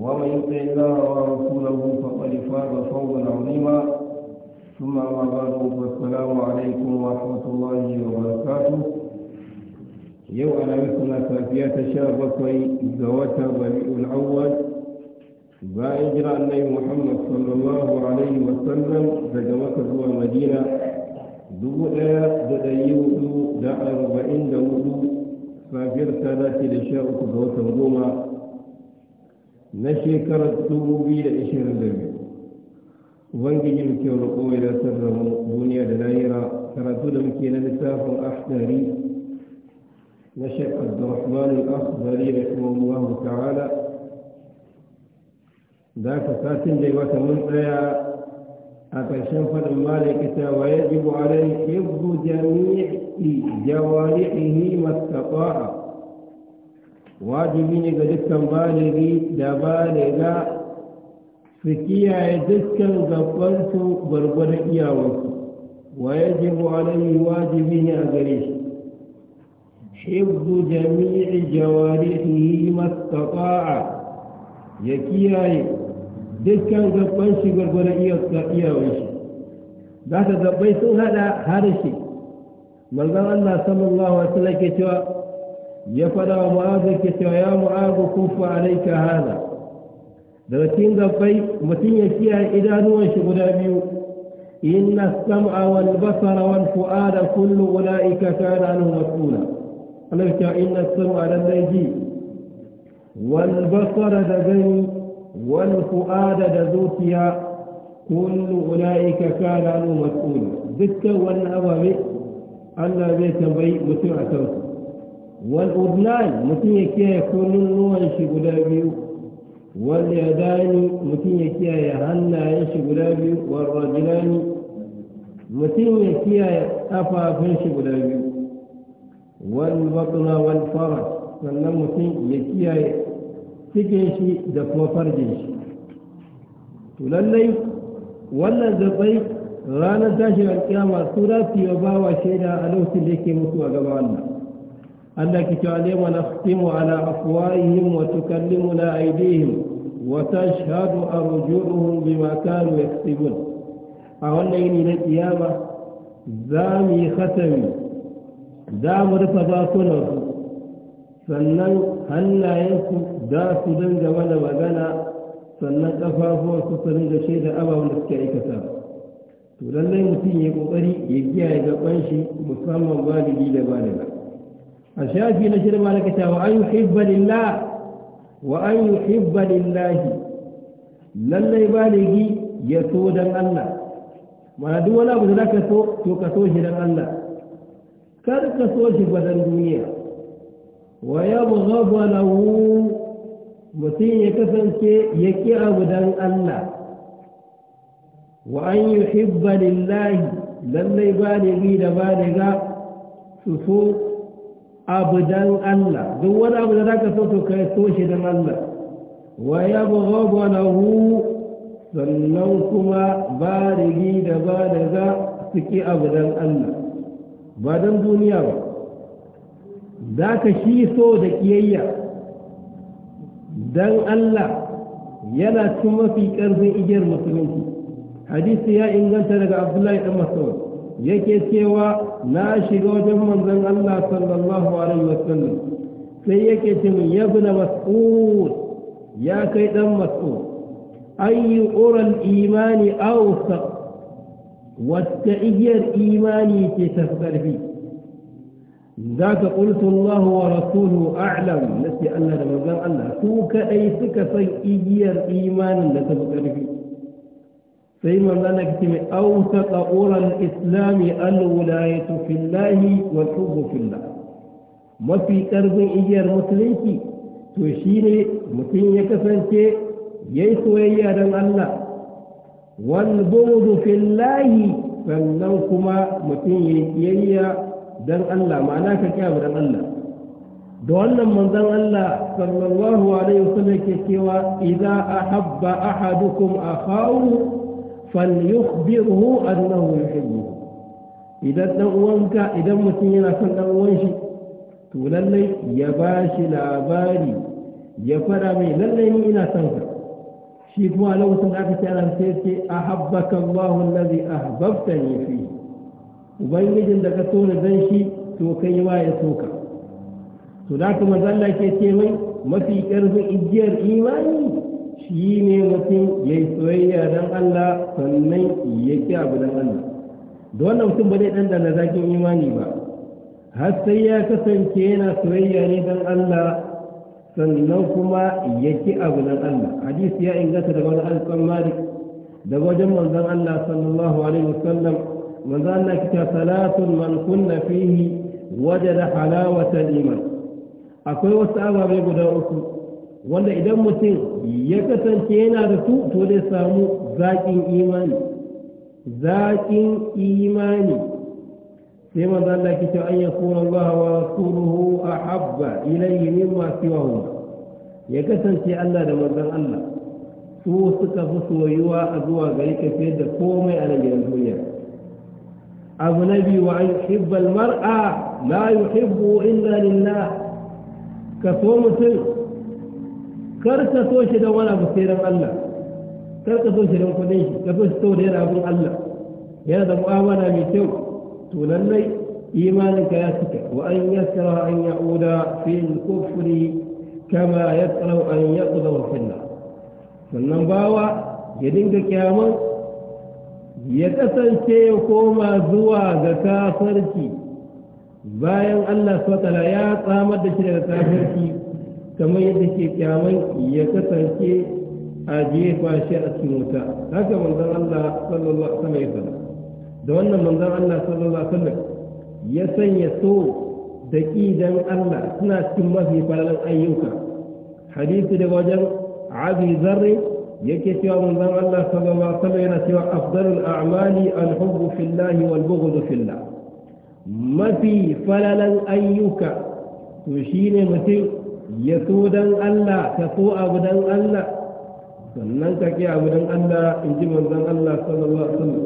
ومن يطع الله ورسوله فقد فاز فوزا عظيما ثم ما بعد فالسلام عليكم ورحمه الله وبركاته yau ana misala safiya ta sha bakwai ga wata rabi'ul awwal bayan jira annabi muhammad sallallahu alaihi wa sallam daga maka zuwa madina dubu ɗaya da ɗari hudu da arba'in da safiyar ta da sha uku ga wata goma na shekarar dubu biyu da ishirin da biyu ubangiji muke roƙo ya dasar da duniya da lahira karatu da muke na littafin ahdari na shekar da rahmanu ahdari da kuma allahu ta'ala da ka satin da wata mun tsaya a ya wa أكشف الملكة ويجب عليه حفظ جميع جوارحه ما استطاع wajibi ne ga dukkan baligi da baliga su kiyaye dukkan gabansu gwargwadon iyawarsu wa ji alaihi wajibi ne a gare shi hibdu jami'i yi mastata'a ya kiyaye dukkan gaban shi gwargwadon iyawar shi za ka gabai sun hada harshe manzan Allah sallallahu alaihi wasallam ke cewa يفدا معاذ كتو يا معاذ كف عليك هذا لكن ضي متي يشيا اذا نو شغدا بيو ان السمع والبصر والفؤاد كل اولئك كان عنه مسؤولا قلت ان السمع لن لديه والبصر لديه والفؤاد لذوتها كل اولئك كان عنه مسؤولا ذكر والاوامر ان لا يتبعي متعته wal udnan mutum ya kiyaye kullun ruwan shi guda biyu wal yadani mutum ya kiyaye hannayen shi guda biyu wal rajulani mutum ya kiyaye kafafun shi guda biyu wal batna wal farj sannan mutum ya kiyaye cikin shi da kuma farjin shi to lallai wannan zabai ranar tashin alkiyama su za su yi bawa shaida a lokacin da yake mutu a gaba wannan Allah ki cewa ne mana khtimu ala afwahihim wa tukallimuna aydihim wa tashhadu arjuluhum bima kanu yaktubun a wannan yini na kiyama za mu yi khatami za mu rufe bakunansu sannan hannayensu za su dinga mana magana sannan ƙafafuwarsu su dinga shaida ababen da suke aikata to lallai mutum ya ƙoƙari ya kiyaye gaban shi musamman baligi da baliga الشافعي نشر ما لك تاو أن يحب لله وأن يحب لله لن يبالغ يتودا الله ما دو لا بد لك تو تو الله كر كتوش بدن ويبغض له متين يكفنك يكي عبدا الله وأن يحب لله لن يبالغ لبالغ سفوك abu dan Allah duk wani abu da zaka so to ka so shi dan Allah wa yabghadu lahu sannan kuma barigi da badaga suke abu dan Allah ba dan duniya ba zaka shi so da kiyayya dan Allah yana cin mafi karfin igiyar musulunci hadisi ya inganta daga Abdullahi dan Mas'ud yake cewa na shiga wajen manzon Allah sallallahu alaihi wasallam sai yake ce mun ya mas'ud ya kai dan mas'ud ayyu ural imani awsa wata igiyar imani ce ta karfi ذاك قلت الله ورسوله أعلم نسي أن هذا الله سوك أي سكسي إيجير إيمان لتبقى فيه sai magana ki mai auta ƙa'uran islami alwulayatu fillahi wa tubu mafi ƙarfin igiyar musulunci to shi ne mutum ya kasance ya yi soyayya don Allah wal fillahi sannan kuma mutum ya yi kiyayya don Allah ma'ana ka kyamu don Allah da wannan manzon Allah sallallahu alaihi wasallam ke cewa idza ahabba ahadukum akhahu falyukhbirhu annahu yuhibbuhu idan dan uwanka idan mutum yana son dan uwan to lallai ya bashi labari ya fara mai lallai ni ina son ka shi kuma lokacin da aka ce ana sai ce ahabbaka Allahu allazi ahbabtani fi ubangijin da ka so ni dan shi to kai ma ya toka. ka to da kuma Allah ke ce mai mafi karfin igiyar imani shi ne mutum ya yi soyayya don Allah sannan ya ki abu don Allah da wannan mutum ba zai da zakin imani ba har sai ya kasance yana soyayya ne don Allah sannan kuma ya ki abu don Allah hadisi ya inganta daga wani alƙon malik daga wajen manzon Allah sallallahu alaihi wasallam manzon Allah ta salatun man kunna fihi wajada halawatan iman akwai wasu ababe guda uku wanda idan mutum ya kasance yana da su to zai samu zaƙin imani zaƙin imani sai manzo Allah ke cewa an ruhu a wa ilayi ne masu yawa siwahuma ya kasance Allah da mazan Allah su suka fi soyuwa a zuwa gari ka fiye da komai a nan duniya abu na biyu wa an mar'a la yuhibbu illa lillah ka so mutum kar ka so shi don wani abu sai Allah kar ka so shi don kudin shi ka so shi da yana abin Allah yana da mu'amala mai kyau tunan mai imanin ka ya cika wa an yasra an fiye da kofuri kama tsara an yaquda wa finna sannan bawa ya dinga kyaman ya kasance ya koma zuwa ga kasarci. bayan Allah swatala ya tsamar da shi daga kafirci kamar yadda ke kyaman ya kasance a jefa shi a cikin wuta haka manzon Allah sallallahu alaihi wasallam da wannan manzon Allah sallallahu alaihi wasallam ya sanya so da kidan Allah suna cikin mafi falalan ayyuka hadisi da wajen abi zarri yake cewa manzon Allah sallallahu alaihi wasallam yana cewa afdalul a'mali al-hubbu fillah wal bughdhu fillah mafi falalan ayyuka to shine mutum ya so don Allah ta so abu don Allah sannan ka ke abu don Allah in ji manzan Allah sallallahu alaihi wasallam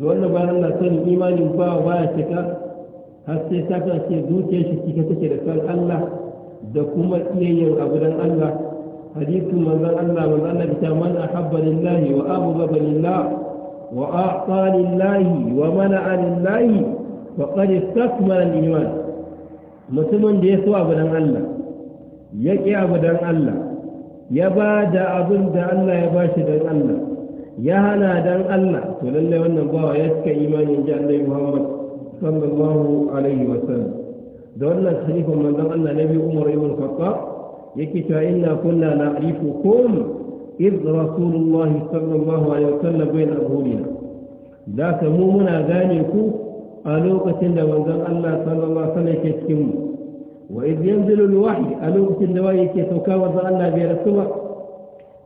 da wannan bayan Allah sanin imanin ba baya cika har sai ta ce zuciyar shi cike take da san Allah da kuma iya yin abu don Allah hadithu manzan Allah manzan Allah bita man ahabba lillahi wa abghadha lillahi wa a'ta lillahi wa mana'a lillahi faqad istakmala al-iman mutumin da ya so abu don Allah ya ƙi abu don Allah ya ba da abin da Allah ya ba shi don Allah ya hana don Allah to lallai wannan bawa ya suka imanin ji Allah Muhammad sallallahu alaihi wa sallam da wannan halifan manzon Allah Nabi Umar ibn Khattab yake cewa inna kunna na'rifukum إذ رسول الله صلى الله عليه وسلم da ka mu muna gane ku a lokacin da manzon Allah sallallahu alaihi wasallam yake cikin mu وإذ ينزل الوحي ألوك النوايا كي توكاوز ألا بيرسوا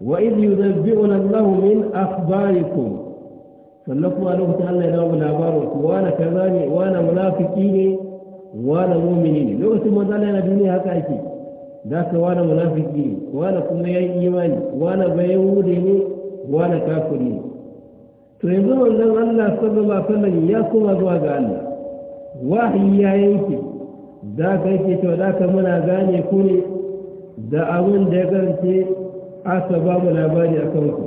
وإذ ينبئنا الله من أخباركم فلكم ألوك ألا ينوم الأبار وأنا كذاني وأنا منافقين وأنا مؤمنين لو اسم الله نبيني هكاكي ذاك وأنا منافقين وأنا كمي إيماني وأنا بيهودي وأنا كافرين to yanzu wannan Allah sallallahu alaihi wasallam ya koma zuwa ga Allah wahayi da ka yake cewa da ka muna gane ku ne da abin da ya karance aka ba mu labari a kan ku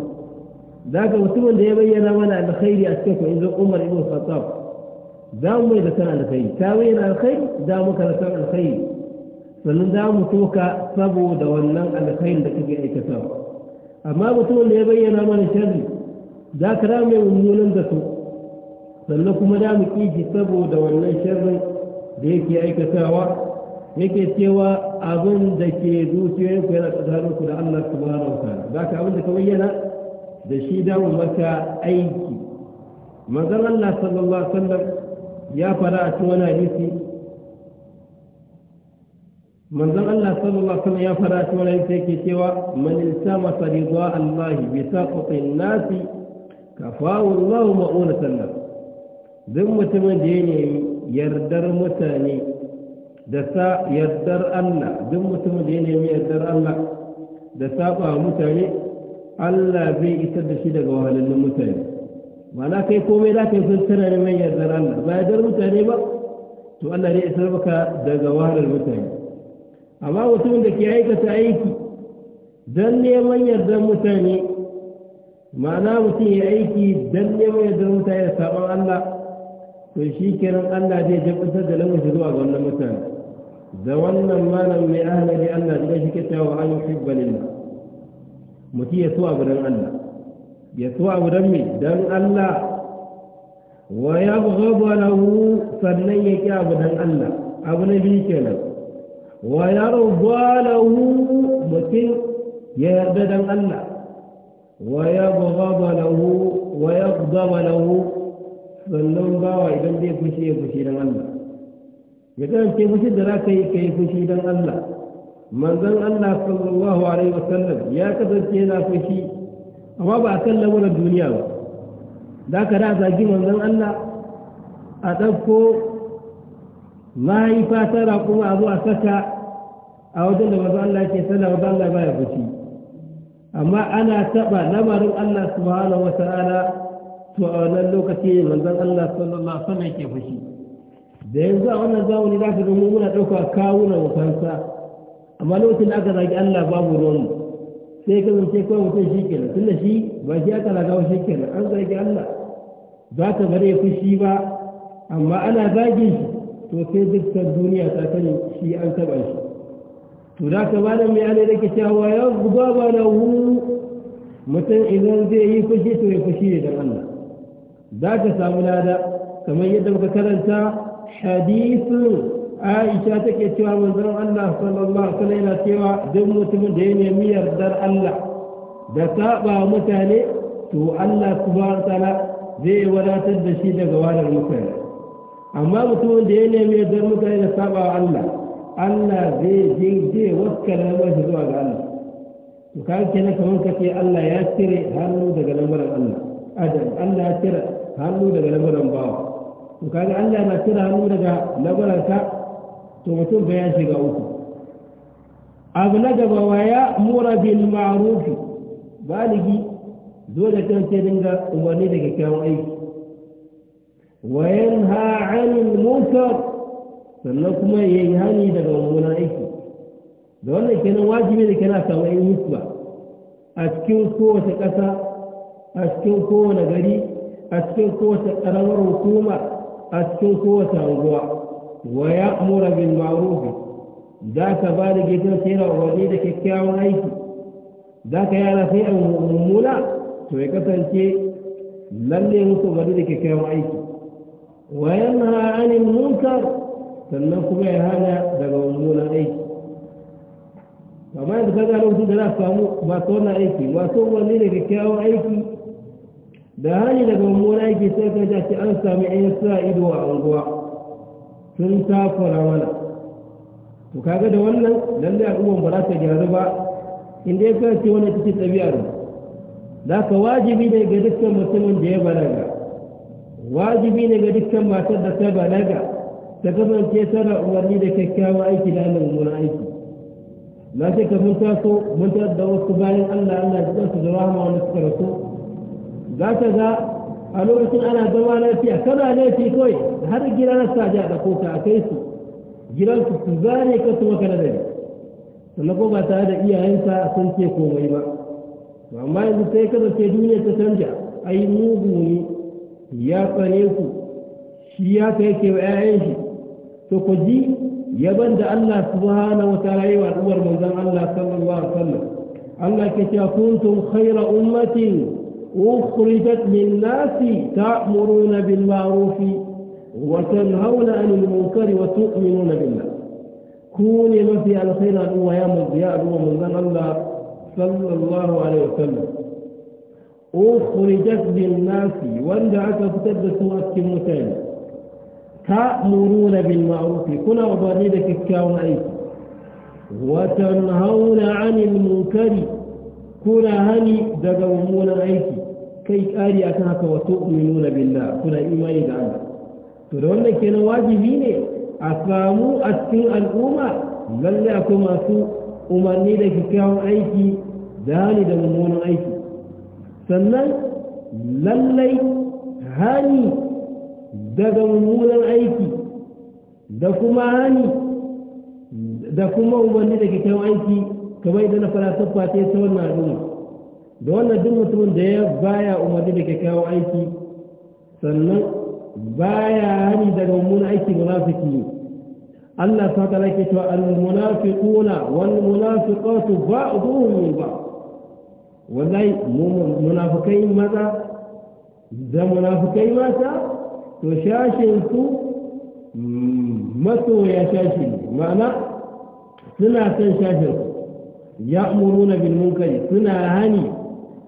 da ka mutumin da ya bayyana mana alkhairi a cikin ku in umar ibn khattab za mu mai da kan alkhairi ta bayyana alkhairi za mu karanta alkhairi sannan za mu toka saboda wannan alkhairi da kake aikata amma mutumin da ya bayyana mana sharri za ka rame mummunan da su sannan kuma da mu kiji saboda wannan sharrin da yake aikatawa yake cewa abin da ke zuciyoyinku yana tsakaninku da Allah subhanahu wa ta'ala za ka abin da ka bayyana da shi damu maka aiki manzan Allah sallallahu alaihi wasallam ya fara a cikin wani hadisi manzon Allah sallallahu alaihi wasallam ya fara a cikin wani hadisi yake cewa man iltama sadiqa Allah bi saqati nasi kafa Allah ma'unatan lahu duk mutumin da ya nemi yardar mutane da sa yardar Allah duk mutumin da ya nemi yardar Allah da saba mutane Allah zai isar da shi daga wahalallun mutane mana kai komai za ka yi sun tana neman yardar Allah ba yardar mutane ba to Allah zai isar maka daga wahalar mutane amma mutumin da ke aikata aiki don neman yardar mutane ma'ana mutum ya aiki don neman yardar mutane da saɓon Allah to shi kiran Allah zai jabbatar da lamarin zuwa ga wannan mutane da wannan malam mai ahlali Allah zai shi kita wa an yuhibba lillah mutum ya so abu dan Allah ya so abu dan me dan Allah wa ya yabghadu lahu sannan ya ki abu dan Allah abu na biyu kenan wa ya yarda lahu mutum ya yarda dan Allah wa yabghadu lahu wa yaghdaba lahu sannan bawa idan zai fushi ya fushi don Allah ya kasance fushi da za ka yi ka yi fushi don Allah manzan Allah sallallahu alaihi wasallam ya kasance yana fushi amma ba a kan lamuran duniya ba za ka da zagi manzan Allah a ɗauko mahaifa tara kuma a zo a saka a wajen da manzan Allah ke sallah wa Allah baya fushi amma ana taɓa lamarin Allah subhanahu wa ta'ala to a wannan lokaci manzon Allah sallallahu alaihi wasallam ke fushi da yanzu a wannan zamani za ka ga mu muna ɗauka kawuna mu fansa amma lokacin da aka zagi Allah babu ruwan sai ka zance kawai mutum shi kenan tun da shi ba shi aka zaga shi kenan an zagi Allah za ka bare fushi ba amma ana zagin shi to sai dukkan duniya ta sani shi an taɓa shi to za ka bada mai ana da ke cewa ya guba ba na mutum idan zai yi fushi to ya fushi ne don Allah za ka samu lada kamar yadda muka karanta hadisu aisha take cewa manzon Allah sallallahu alaihi wasallam yana cewa duk mutumin da ya nemi yardar Allah da saba mutane to Allah subhanahu ta'ala zai wadatar da shi daga wadar mutane amma mutumin da ya nemi yardar mutane da saba Allah Allah zai wakkar da shi zuwa ga Allah to kaga kenan kamar kace Allah ya cire hannu daga lamarin Allah adam Allah ya cire hannu daga lamuran bawa to kaga Allah na cire hannu daga ka to mutum bai ya shiga uku abu na gaba wa ya mura bil ma'rufi baligi dole kan sai dinga umarni da kyakkyawan aiki wa yanha 'anil munkar sannan kuma yayi hani daga mummunan aiki da wannan kenan wajibi da kana samu ayyuka a cikin kowace ƙasa a cikin kowane gari a cikin kowace ƙaramar hukuma a cikin kowace unguwa wa ya amura bil ma'rufi za ka ba da gidan tsira umarni da kyakkyawan aiki za ka yi sai a mummuna to ya kasance lalle musu umarni da kyakkyawan aiki wa yanha anil munkar sannan kuma ya hana daga mummunan aiki amma yanzu ka ga lokacin da za a samu masu wannan aiki masu wani da kyakkyawan aiki da hali daga mummuna yake sai ka ja ce an sami ɗan sa ido a unguwa sun takura mana to kaga da wannan lallai al'umman ba za ta gyaru ba in dai ka ce wani cikin ɗabi'ar za ka wajibi ne ga dukkan mutumin da ya balaga wajibi ne ga dukkan matar da ta balaga ta kasance tana umarni da kyakkyawan aiki da hannun mummunan aiki na ce ka mun taso mun taso da wasu bayan allah allah ya ji su da rahama wani suka rasu za ka ga a lokacin ana zama lafiya kana laifi kawai har gidan na sa ja da ka a kai su gidan su su zane ka su maka nazari sannan ko ba tare da iyayensa sun ce komai ba amma yanzu sai zace duniya ta canja ai mugu ne ya tsane ku shi ya kai ke wa 'ya'yan shi to ku ji yaban da Allah subhanahu wa ta'ala yi wa al'ummar manzon Allah sallallahu alaihi wasallam Allah ke cewa kuntum khayra ummatin أخرجت للناس تأمرون بالمعروف وتنهون عن المنكر وتؤمنون بالله كوني ما في الخير هو يا مزياء هو من الله صلى الله عليه وسلم أخرجت للناس وانجعت فتدسوا أسكمتين تأمرون بالمعروف كنا وبريدك الكاون أيضا وتنهون عن المنكر كنا هني دقومون أيضا kai ƙari a kan haka wato nuna billah kuna imani da Allah to da wannan kenan wajibi ne a samu a cikin al'umma lalle akwai masu umarni da kyakkyawan aiki da hali da mummunan aiki sannan lallai hani daga mummunan aiki da kuma hani da kuma umarni da kyakkyawan aiki kamar idan na fara siffa ta wannan al'umma da wannan duk mutumin da ya baya umarni da ke kawo aiki sannan baya hani daga mummunan aiki munafiki Allah ta ta lake cewa al-munafiquna wal munafiqatu ba'dhum ba. ba'd wallahi munafikai maza da munafikai mata to shashin su masoya shashi ma'ana suna san shashin su ya'muruna bil munkari suna hani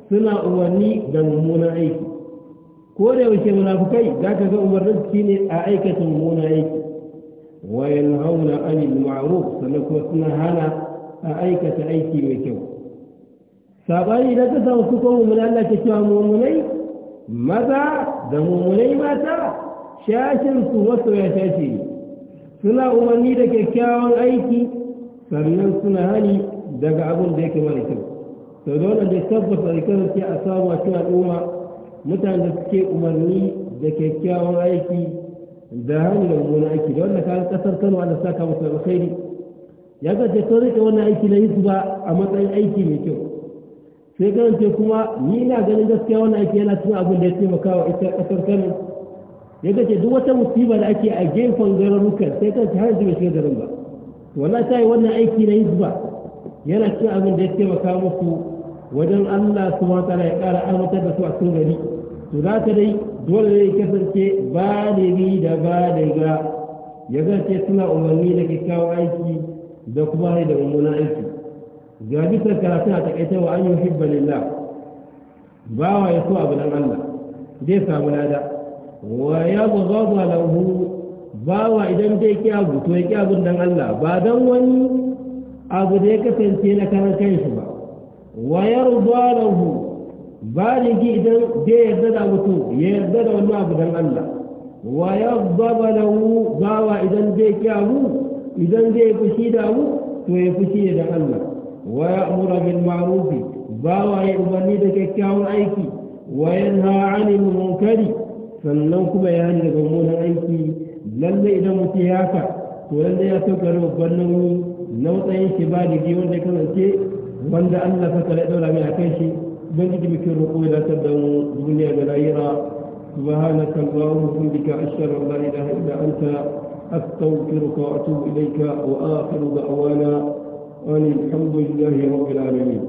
suna umarni da mummunan aiki ko da yaushe munafukai za ka ga umarnin shi ne a aikata mummunan aiki wa yanhauna anil ma'ruf sannan kuma suna hana a aikata aiki mai kyau sabani da ta samu su kuma Allah ke cewa mummunai maza da mummunai mata shashin su wasu ya shashi suna umarni da kyakkyawan aiki sannan suna hani daga abin da yake mara kyau sau da wannan da tabbata da kasance a samu a cikin al'umma mutane da suke umarni da kyakkyawan aiki da hannu da aiki da wannan kayan kasar kano ana saka musu alkhairi ya ce sun rike wannan aiki na ba a matsayin aiki mai kyau sai ce kuma ni ina ganin gaskiya wannan aiki yana cikin abin da ya taimaka wa ita kasar kano ya ce duk wata musiba da ake a gefen garurukan sai karance har yanzu bai shiga garin ba wannan sai wannan aiki na ba yana cikin abin da ya taimaka musu wajen Allah su mata ya ƙara amintar da su a cikin gari to za ta dai dole ne kasance ba da da da ba ga ya zance suna umarni da kyakkyawan aiki da kuma hari da mummunan aiki ga bisa karatu a taƙaita wa an yi hibba lillah wa ya so abu nan Allah zai samu lada wa ya gwagwagwa lahu wa idan zai kyabu to ya kyabun dan Allah ba don wani abu da ya kasance na kan kanshi ba wa yarda lahu baligi idan bai yarda da mutum ya yarda da wani abu dan Allah wa yadda lahu bawa idan bai kyamu idan zai fushi da mu to ya fushi da Allah wa ya'muru bil ma'ruf bawa ya umarni da kyakkyawan aiki wa yanha 'anil munkari sannan kuma ya ni daga mummunan aiki lalle idan mutum ya haka to lalle ya sauka babban nauyi na matsayin shi da wanda kasance wanda Allah saka da daura mai akan shi don ji muke roƙo da ta da duniya da lahira subhanaka allahumma bihamdika ashhadu an la ilaha illa anta astaghfiruka wa atubu ilayka wa akhiru da'wana wa alhamdulillahi rabbil alamin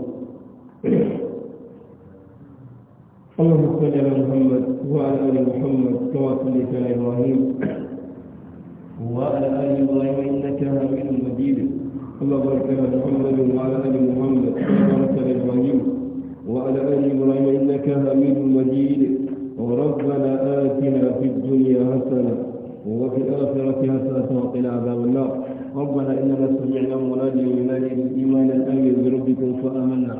اللهم صل على محمد وعلى ال محمد كما صليت على ابراهيم وعلى ال ابراهيم انك حميد مجيد اللهم بارك على محمد وعلى ال محمد كما باركت على ابراهيم وعلى ال ابراهيم انك حميد مجيد ربنا اتنا في الدنيا حسنه وفي الاخره حسنه وقنا عذاب النار ربنا اننا سمعنا مناديا ينادي بالايمان ان بربكم فامنا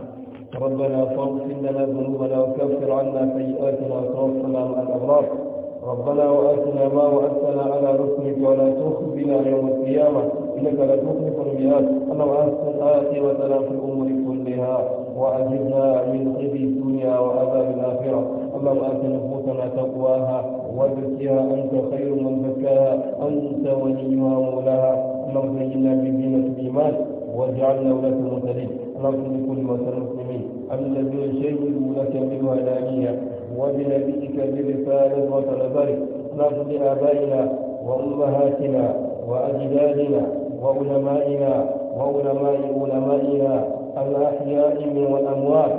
ربنا فاغفر لنا ذنوبنا وكفر عنا سيئاتنا وتوفنا مع الابرار ربنا واتنا ما وعدتنا على رسلك ولا تخزنا يوم القيامه إنك لا تخلف المئات اللهم أحسن آتي وسلام في الأمور كلها وأجرنا من خير الدنيا وعذاب الآخرة اللهم أنت نفوسنا تقواها وزكها أنت خير من زكاها أنت وليها مولاها اللهم زينا بزينة الإيمان واجعلنا ولاة المرسلين اللهم لكل موتى المسلمين الذين شهدوا لك بالوهدانية وبنبيك برسالة وطلبات اللهم لآبائنا وأمهاتنا وأجدادنا وعلمائنا وعلماء علمائنا الأحياء من والأموات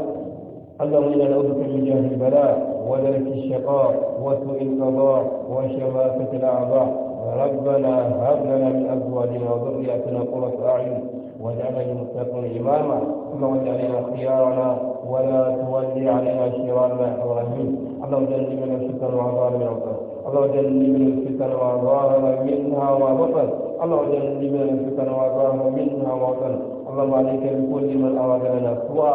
اللهم إنا نعوذ بك من جهل البلاء ودرك الشقاء وسوء القضاء وشماتة الأعضاء ربنا هب لنا من أزواجنا وذرياتنا قرة أعين واجعلنا للمتقين إماما ثم ول علينا خيارنا ولا تولي علينا شرارنا يا رحمن اللهم جنبنا الشكر وعطانا من عطاك الله جنبنا من الفتن وظاهر منها وبطن الله جنبنا من الفتن وظاهر منها وبطن اللهم عليك بكل من أراد لنا سوءا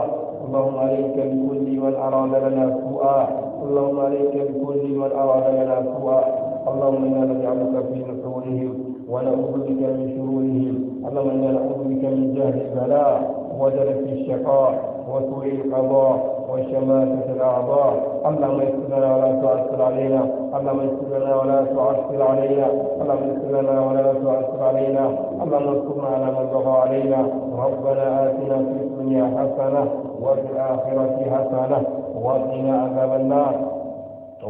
اللهم عليك بكل من أراد لنا سوءا اللهم عليك بكل من أراد لنا سوءا اللهم إنا نجعلك في نحورهم ونعوذ بك من شرورهم اللهم إنا نعوذ بك من جهل البلاء ودرك الشقاء وسوء القضاء وشماتة الأعضاء اللهم يسر لنا ولا تعسر علينا اللهم يسر لنا ولا تعسر علينا اللهم يسر لنا ولا تعسر علينا اللهم انصرنا على من بغى علينا ربنا آتنا في الدنيا حسنة وفي الآخرة حسنة وقنا عذاب النار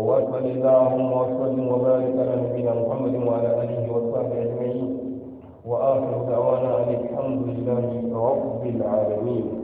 وصل اللهم وسلم وبارك على نبينا محمد وعلى اله وصحبه اجمعين واخر دعوانا ان الحمد لله رب العالمين